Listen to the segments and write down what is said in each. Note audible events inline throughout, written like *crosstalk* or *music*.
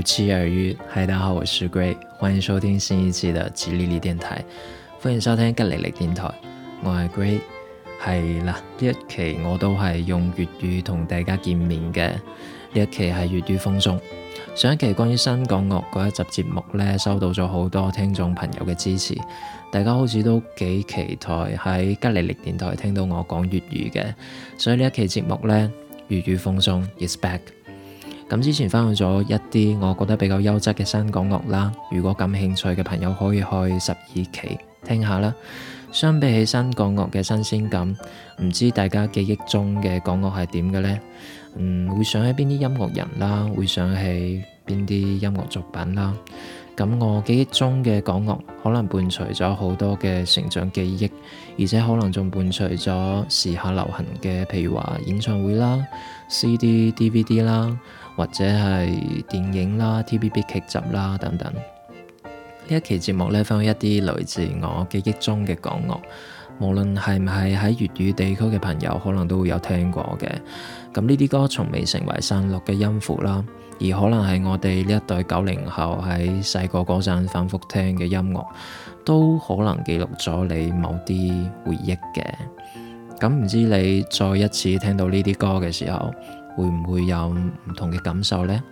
不期而遇，嗨，大家好，我是 Grey，歡迎收聽新一期的吉力力電台，歡迎收聽吉力力電台，我係 Grey，係啦，呢一期我都係用粵語同大家見面嘅，呢一期係粵語放送。上一期關於新港樂嗰一集節目咧，收到咗好多聽眾朋友嘅支持，大家好似都幾期待喺吉力力電台聽到我講粵語嘅，所以呢一期節目咧，粵語放送。It's back。咁之前翻去咗一啲，我覺得比較優質嘅新港樂啦。如果感興趣嘅朋友可以去十二期聽下啦。相比起新港樂嘅新鮮感，唔知大家記憶中嘅港樂係點嘅呢？嗯，會想起邊啲音樂人啦，會想起邊啲音樂作品啦？咁我記憶中嘅港樂可能伴隨咗好多嘅成長記憶，而且可能仲伴隨咗時下流行嘅，譬如話演唱會啦、CD、DVD 啦。或者係電影啦、TVB 劇集啦等等，呢一期節目呢，分享一啲來自我記憶中嘅港樂，無論係唔係喺粵語地區嘅朋友，可能都會有聽過嘅。咁呢啲歌從未成為散落嘅音符啦，而可能係我哋呢一代九零後喺細個嗰陣反覆聽嘅音樂，都可能記錄咗你某啲回憶嘅。咁唔知你再一次聽到呢啲歌嘅時候，會唔會有唔同嘅感受咧？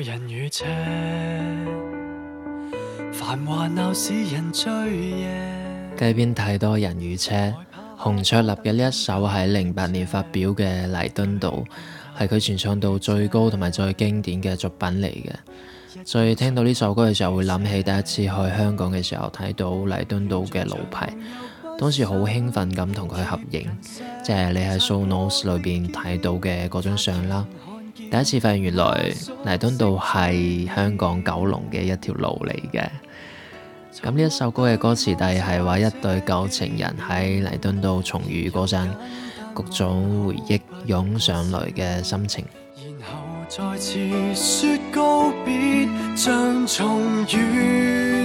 人夜。街邊太多人與車。洪卓立嘅呢一首喺零八年發表嘅《彌敦道》，係佢傳唱度最高同埋最經典嘅作品嚟嘅。所以聽到呢首歌嘅時候，會諗起第一次去香港嘅時候睇到彌敦道嘅路牌，當時好興奮咁同佢合影，即、就、係、是，你喺《show notes》裏邊睇到嘅嗰張相啦。第一次發現原來彌敦道係香港九龍嘅一條路嚟嘅。咁呢一首歌嘅歌詞，大概係話一對舊情人喺彌敦道重遇嗰陣，各種回憶湧上來嘅心情。然後再次說告別像重遇。」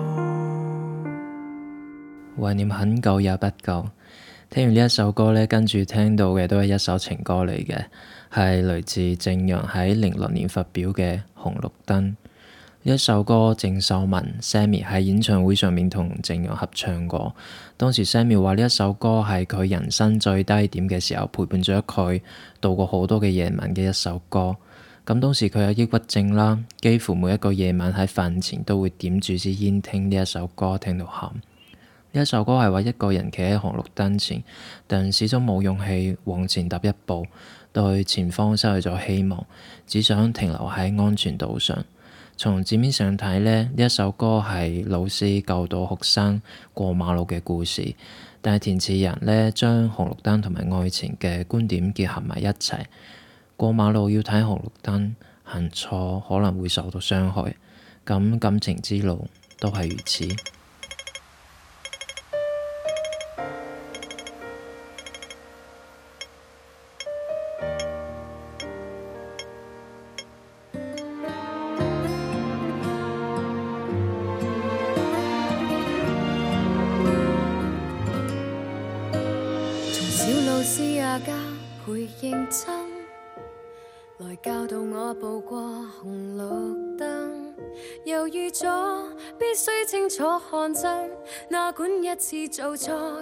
懷念很久也不夠。聽完呢一首歌呢，跟住聽到嘅都係一首情歌嚟嘅，係來自鄭融喺零六年發表嘅《紅綠燈》。呢一首歌，鄭秀文 Sammy 喺演唱會上面同鄭融合唱過。當時 Sammy 話呢一首歌係佢人生最低點嘅時候，陪伴咗佢度過好多嘅夜晚嘅一首歌。咁當時佢有抑鬱症啦，幾乎每一個夜晚喺飯前都會點住支煙，聽呢一首歌，聽到喊。呢一首歌係話一個人企喺紅綠燈前，但始終冇勇氣往前踏一步，對前方失去咗希望，只想停留喺安全島上。從字面上睇呢，呢一首歌係老師教導學生過馬路嘅故事，但係填詞人呢，將紅綠燈同埋愛情嘅觀點結合埋一齊。過馬路要睇紅綠燈，行錯可能會受到傷害，咁感情之路都係如此。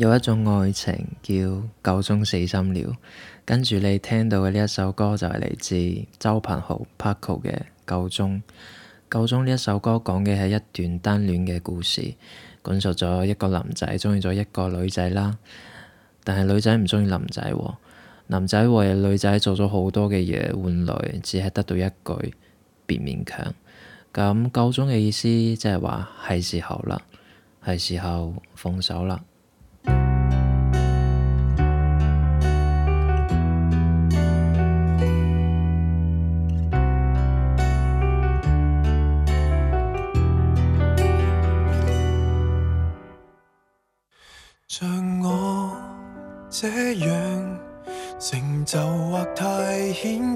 有一種愛情叫夠鐘死心了，跟住你聽到嘅呢一首歌就係嚟自周柏豪 Pakho 嘅《夠鐘》。夠鐘呢一首歌講嘅係一段單戀嘅故事，講述咗一個男仔鍾意咗一個女仔啦，但係女仔唔鍾意男仔，男仔為女仔做咗好多嘅嘢，換來只係得到一句別勉強。咁夠鐘嘅意思即係話係時候啦，係時候放手啦。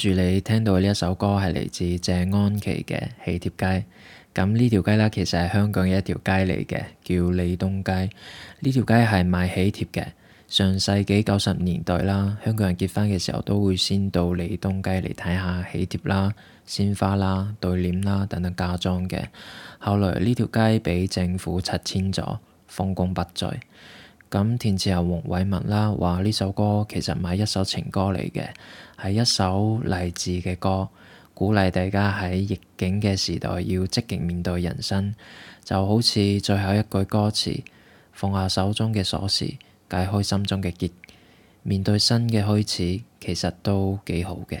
住你聽到呢一首歌係嚟自謝安琪嘅《喜帖街》。咁呢條街呢，其實係香港嘅一條街嚟嘅，叫利東街。呢條街係賣喜帖嘅。上世紀九十年代啦，香港人結婚嘅時候都會先到利東街嚟睇下喜帖啦、鮮花啦、對聯啦等等嫁妝嘅。後來呢條街俾政府拆遷咗，風光不再。咁填詞由黃偉文啦，話呢首歌其實唔係一首情歌嚟嘅。係一首勵志嘅歌，鼓勵大家喺逆境嘅時代要積極面對人生。就好似最後一句歌詞，放下手中嘅鎖匙，解開心中嘅結，面對新嘅開始，其實都幾好嘅。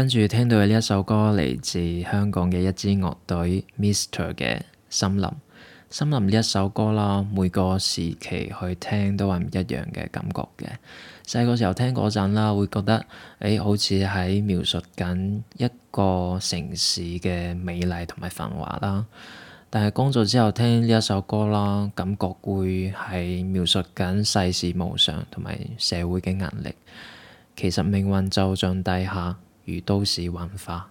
跟住聽到嘅呢一首歌嚟自香港嘅一支樂隊 Mr 嘅《森林》。《森林》呢一首歌啦，每個時期去聽都係唔一樣嘅感覺嘅。細個時候聽嗰陣啦，會覺得誒、哎，好似喺描述緊一個城市嘅美麗同埋繁華啦。但係工作之後聽呢一首歌啦，感覺會係描述緊世事無常同埋社會嘅壓力。其實命運就像低下，與都市幻化。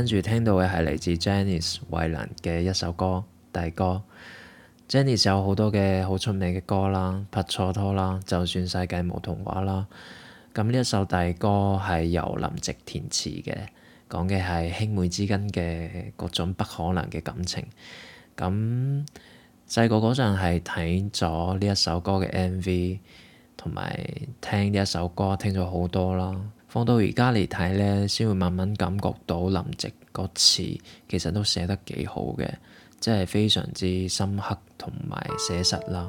跟住聽到嘅係嚟自 Janice 衛蘭嘅一首歌《大哥》。Janice 有好多嘅好出名嘅歌啦，《拍錯拖》啦，《就算世界無童話》啦。咁呢一首《大哥》係由林夕填詞嘅，講嘅係兄妹之間嘅各種不可能嘅感情。咁細個嗰陣係睇咗呢一首歌嘅 MV，同埋聽呢一首歌聽咗好多啦。放到而家嚟睇咧，先會慢慢感覺到林夕個詞其實都寫得幾好嘅，即係非常之深刻同埋寫實啦。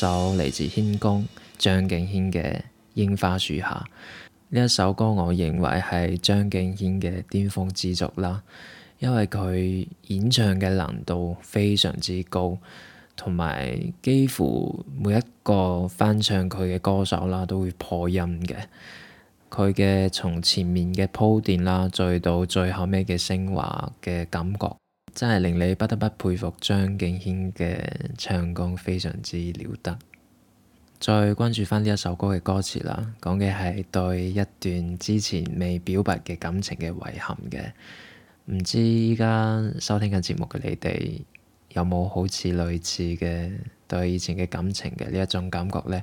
首嚟自軒公張敬軒嘅《櫻花樹下》，呢一首歌我認為係張敬軒嘅巔峰之作啦，因為佢演唱嘅難度非常之高，同埋幾乎每一個翻唱佢嘅歌手啦都會破音嘅，佢嘅從前面嘅鋪墊啦，再到最後尾嘅升華嘅感覺。真係令你不得不佩服張敬軒嘅唱功非常之了得。再關注翻呢一首歌嘅歌詞啦，講嘅係對一段之前未表白嘅感情嘅遺憾嘅。唔知依家收聽緊節目嘅你哋有冇好似類似嘅對以前嘅感情嘅呢一種感覺呢？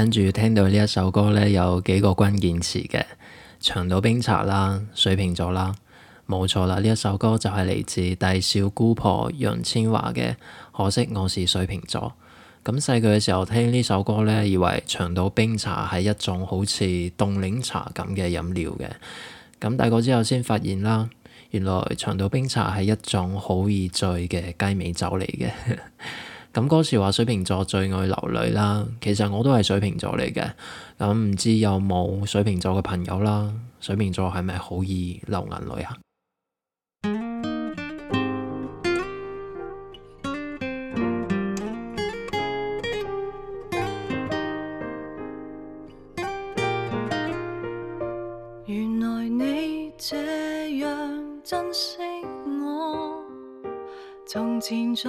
跟住聽到呢一首歌咧，有幾個關鍵詞嘅長島冰茶啦、水瓶座啦，冇錯啦，呢一首歌就係嚟自大笑姑婆楊千嬅嘅《可惜我是水瓶座》。咁細個嘅時候聽呢首歌咧，以為長島冰茶係一種好似凍檸茶咁嘅飲料嘅。咁大個之後先發現啦，原來長島冰茶係一種好易醉嘅雞尾酒嚟嘅。 *laughs* 咁嗰時話水瓶座最愛流淚啦，其實我都係水瓶座嚟嘅，咁唔知有冇水瓶座嘅朋友啦？水瓶座係咪好易流眼淚啊？原來你這樣珍惜我，從前在，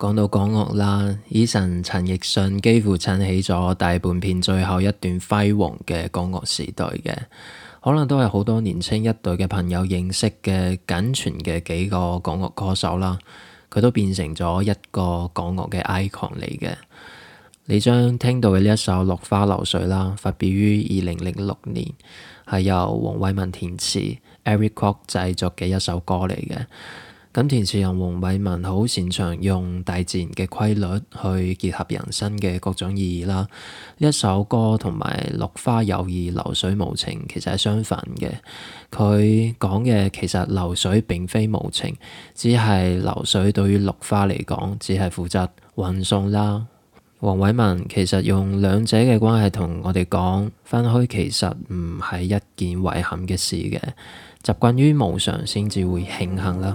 講到港樂啦，Eason 陳奕迅幾乎撐起咗大半片最後一段輝煌嘅港樂時代嘅，可能都係好多年青一代嘅朋友認識嘅僅存嘅幾個港樂歌手啦。佢都變成咗一個港樂嘅 icon 嚟嘅。你將聽到嘅呢一首《落花流水》啦，發表於二零零六年，係由黃偉文填詞，Eric Kwok 製作嘅一首歌嚟嘅。咁填詞人黃偉文好擅長用大自然嘅規律去結合人生嘅各種意義啦。一首歌同埋《落花有意，流水無情》其實係相反嘅。佢講嘅其實流水並非無情，只係流水對於落花嚟講，只係負責運送啦。黃偉文其實用兩者嘅關係同我哋講，分開其實唔係一件遺憾嘅事嘅。習慣於無常先至會慶幸啦。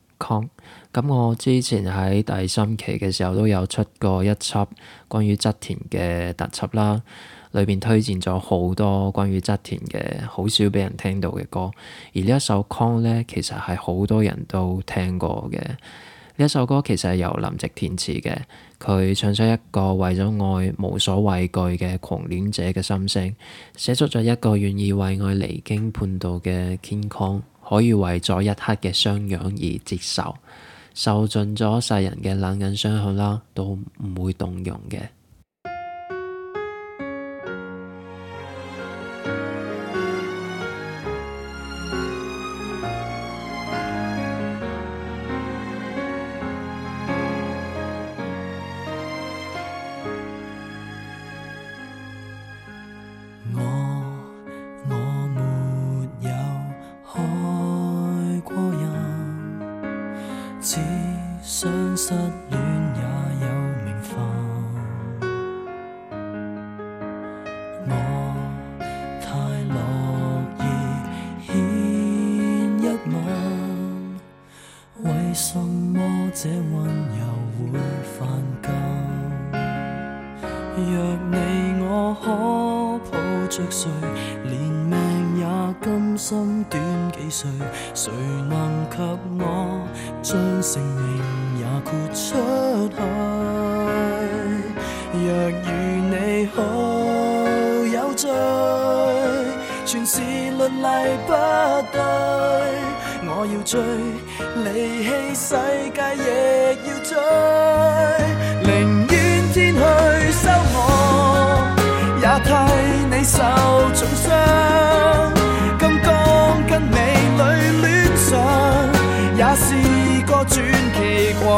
Kong。咁，我之前喺第三期嘅時候都有出過一輯關於側田嘅特輯啦，裏面推薦咗好多關於側田嘅好少俾人聽到嘅歌。而呢一首《Kong》咧，其實係好多人都聽過嘅。呢一首歌其實係由林夕填詞嘅，佢唱出一個為咗愛無所畏懼嘅狂戀者嘅心聲，寫出咗一個願意為愛離經叛道嘅《King Kong》。可以為咗一刻嘅相擁而接受，受盡咗世人嘅冷眼傷害啦，都唔會動容嘅。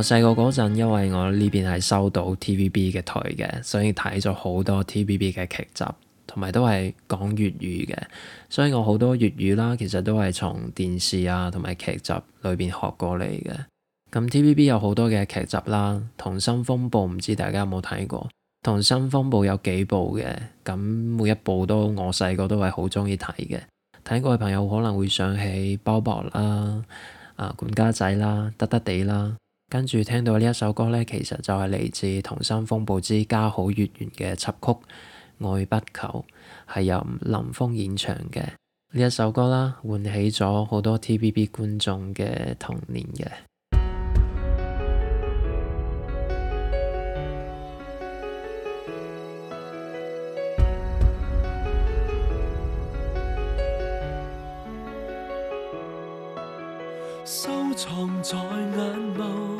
我細個嗰陣，因為我呢邊係收到 T V B 嘅台嘅，所以睇咗好多 T V B 嘅劇集，同埋都係講粵語嘅，所以我好多粵語啦，其實都係從電視啊同埋劇集裏邊學過嚟嘅。咁 T V B 有好多嘅劇集啦，《溏心風暴》唔知大家有冇睇過？《溏心風暴》有幾部嘅，咁每一部都我細個都係好中意睇嘅。睇過嘅朋友可能會想起包博啦，啊管家仔啦，得得哋啦。跟住聽到呢一首歌咧，其實就係嚟自《同心風暴之家好月圓》嘅插曲《愛不疚》，係由林峯演唱嘅呢一首歌啦，喚起咗好多 TVB 觀眾嘅童年嘅。收藏在眼眸。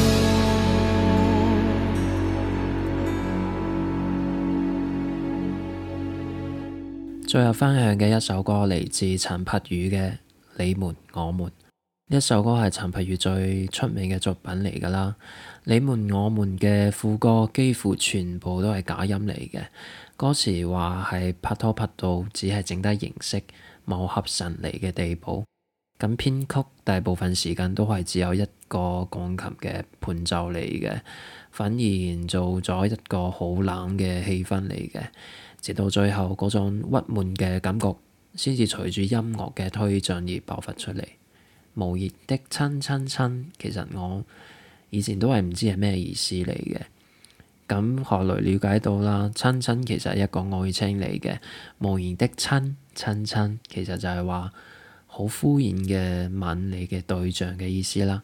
最後分享嘅一首歌嚟自陳柏宇嘅《你們我們》，你瞞我瞞。一首歌係陳柏宇最出名嘅作品嚟㗎啦，《你瞞我瞞》嘅副歌幾乎全部都係假音嚟嘅。歌詞話係拍拖拍到只係剩低形式，貌合神離嘅地步。咁編曲大部分時間都係只有一個鋼琴嘅伴奏嚟嘅，反而做咗一個好冷嘅氣氛嚟嘅。直到最後嗰種鬱悶嘅感覺，先至隨住音樂嘅推進而爆發出嚟。無言的親親親，其實我以前都係唔知係咩意思嚟嘅。咁後來了解到啦，親親其實係一個愛稱嚟嘅，無言的親親親其實就係話好敷衍嘅吻你嘅對象嘅意思啦。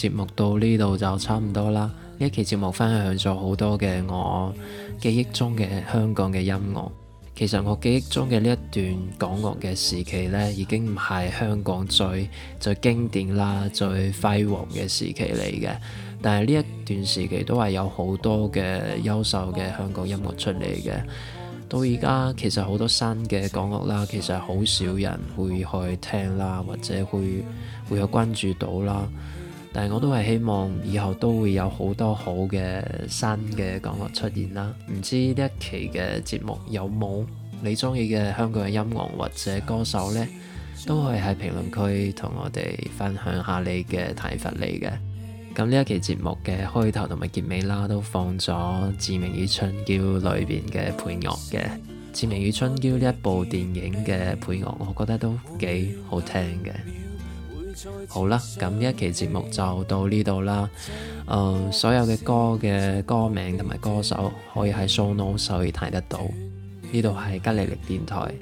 節目到呢度就差唔多啦。呢一期節目分享咗好多嘅我記憶中嘅香港嘅音樂。其實我記憶中嘅呢一段港樂嘅時期呢，已經唔係香港最最經典啦，最輝煌嘅時期嚟嘅。但係呢一段時期都係有好多嘅優秀嘅香港音樂出嚟嘅。到而家其實好多新嘅港樂啦，其實好少人會去聽啦，或者會會有關注到啦。但係我都係希望以後都會有好多好嘅新嘅港樂出現啦。唔知呢一期嘅節目有冇你鍾意嘅香港嘅音樂或者歌手呢？都可以喺評論區同我哋分享下你嘅睇法嚟嘅。咁呢一期節目嘅開頭同埋結尾啦，都放咗《志明與春嬌》裏邊嘅配樂嘅，《志明與春嬌》呢一部電影嘅配樂，我覺得都幾好聽嘅。好啦，咁呢一期節目就到呢度啦。誒，所有嘅歌嘅歌名同埋歌手可以喺 Show Notes 可以睇得到。呢度係吉利力電台，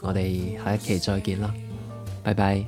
我哋下一期再見啦，拜拜。